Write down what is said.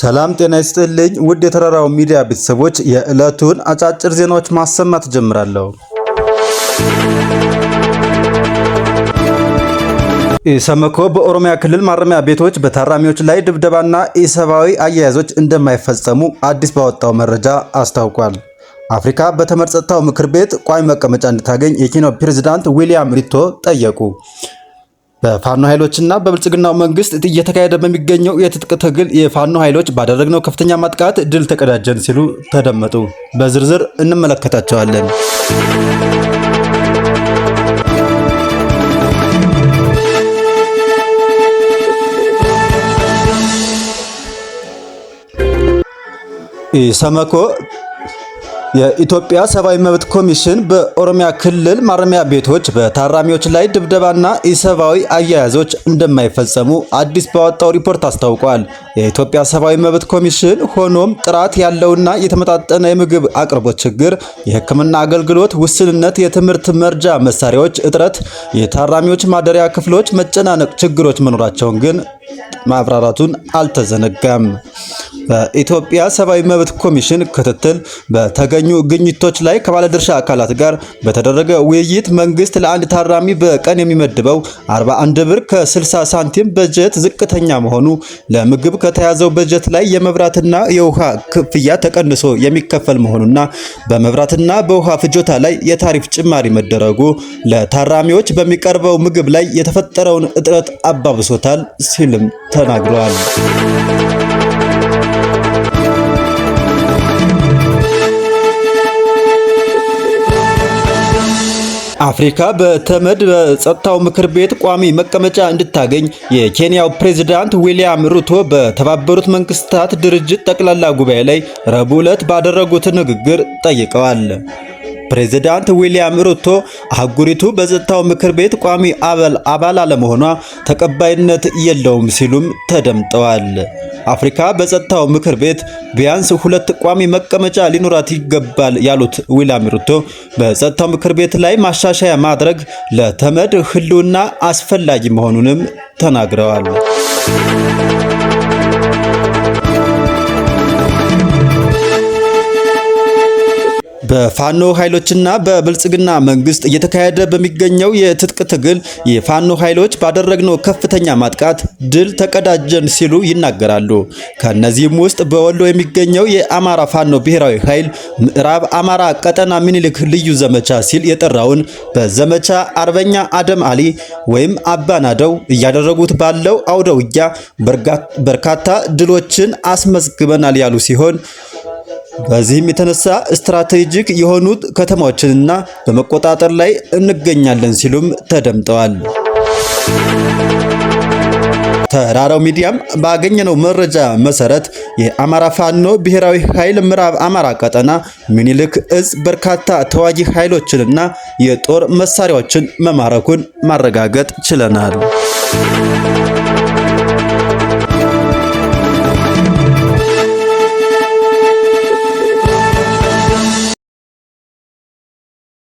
ሰላም ጤና ይስጥልኝ ውድ የተራራው ሚዲያ ቤተሰቦች፣ የዕለቱን አጫጭር ዜናዎች ማሰማት ጀምራለሁ። ኢሰመኮ በኦሮሚያ ክልል ማረሚያ ቤቶች በታራሚዎች ላይ ድብደባና ኢሰብአዊ አያያዞች እንደማይፈጸሙ አዲስ ባወጣው መረጃ አስታውቋል። አፍሪካ በተመድ ጸጥታው ምክር ቤት ቋሚ መቀመጫ እንድታገኝ የኬንያው ፕሬዝዳንት ዊሊያም ሪቶ ጠየቁ። በፋኖ ኃይሎችና በብልጽግናው መንግስት እየተካሄደ በሚገኘው የትጥቅ ትግል የፋኖ ኃይሎች ባደረግነው ከፍተኛ ማጥቃት ድል ተቀዳጀን ሲሉ ተደመጡ። በዝርዝር እንመለከታቸዋለን። ኢሰመኮ የኢትዮጵያ ሰብአዊ መብት ኮሚሽን በኦሮሚያ ክልል ማረሚያ ቤቶች በታራሚዎች ላይ ድብደባና ኢሰብአዊ አያያዞች እንደማይፈጸሙ አዲስ ባወጣው ሪፖርት አስታውቋል። የኢትዮጵያ ሰብአዊ መብት ኮሚሽን ሆኖም ጥራት ያለውና የተመጣጠነ የምግብ አቅርቦት ችግር፣ የሕክምና አገልግሎት ውስንነት፣ የትምህርት መርጃ መሳሪያዎች እጥረት፣ የታራሚዎች ማደሪያ ክፍሎች መጨናነቅ ችግሮች መኖራቸውን ግን ማብራራቱን አልተዘነጋም። በኢትዮጵያ ሰብአዊ መብት ኮሚሽን ክትትል በተገኙ ግኝቶች ላይ ከባለድርሻ አካላት ጋር በተደረገ ውይይት መንግስት ለአንድ ታራሚ በቀን የሚመድበው 41 ብር ከ60 ሳንቲም በጀት ዝቅተኛ መሆኑ፣ ለምግብ ከተያዘው በጀት ላይ የመብራትና የውሃ ክፍያ ተቀንሶ የሚከፈል መሆኑና በመብራትና በውሃ ፍጆታ ላይ የታሪፍ ጭማሪ መደረጉ ለታራሚዎች በሚቀርበው ምግብ ላይ የተፈጠረውን እጥረት አባብሶታል ሲል ሲሆን ተናግረዋል። አፍሪካ በተመድ በጸጥታው ምክር ቤት ቋሚ መቀመጫ እንድታገኝ የኬንያው ፕሬዝዳንት ዊሊያም ሩቶ በተባበሩት መንግስታት ድርጅት ጠቅላላ ጉባኤ ላይ ረቡዕ ዕለት ባደረጉት ንግግር ጠይቀዋል። ፕሬዚዳንት ዊልያም ሩቶ አህጉሪቱ በጸጥታው ምክር ቤት ቋሚ አባል አባል አለመሆኗ ተቀባይነት የለውም ሲሉም ተደምጠዋል። አፍሪካ በጸጥታው ምክር ቤት ቢያንስ ሁለት ቋሚ መቀመጫ ሊኖራት ይገባል ያሉት ዊሊያም ሩቶ በጸጥታው ምክር ቤት ላይ ማሻሻያ ማድረግ ለተመድ ህልውና አስፈላጊ መሆኑንም ተናግረዋል። በፋኖ ኃይሎችና በብልጽግና መንግስት እየተካሄደ በሚገኘው የትጥቅ ትግል የፋኖ ኃይሎች ባደረግነው ከፍተኛ ማጥቃት ድል ተቀዳጀን ሲሉ ይናገራሉ። ከነዚህም ውስጥ በወሎ የሚገኘው የአማራ ፋኖ ብሔራዊ ኃይል ምዕራብ አማራ ቀጠና ምኒልክ ልዩ ዘመቻ ሲል የጠራውን በዘመቻ አርበኛ አደም አሊ ወይም አባናደው እያደረጉት ባለው አውደ በርካታ ድሎችን አስመዝግበናል ያሉ ሲሆን በዚህም የተነሳ ስትራቴጂክ የሆኑት ከተማዎችንና በመቆጣጠር ላይ እንገኛለን ሲሉም ተደምጠዋል። ተራራው ሚዲያም ባገኘነው መረጃ መሰረት የአማራ ፋኖ ብሔራዊ ኃይል ምዕራብ አማራ ቀጠና ምኒልክ እዝ በርካታ ተዋጊ ኃይሎችንና የጦር መሳሪያዎችን መማረኩን ማረጋገጥ ችለናል።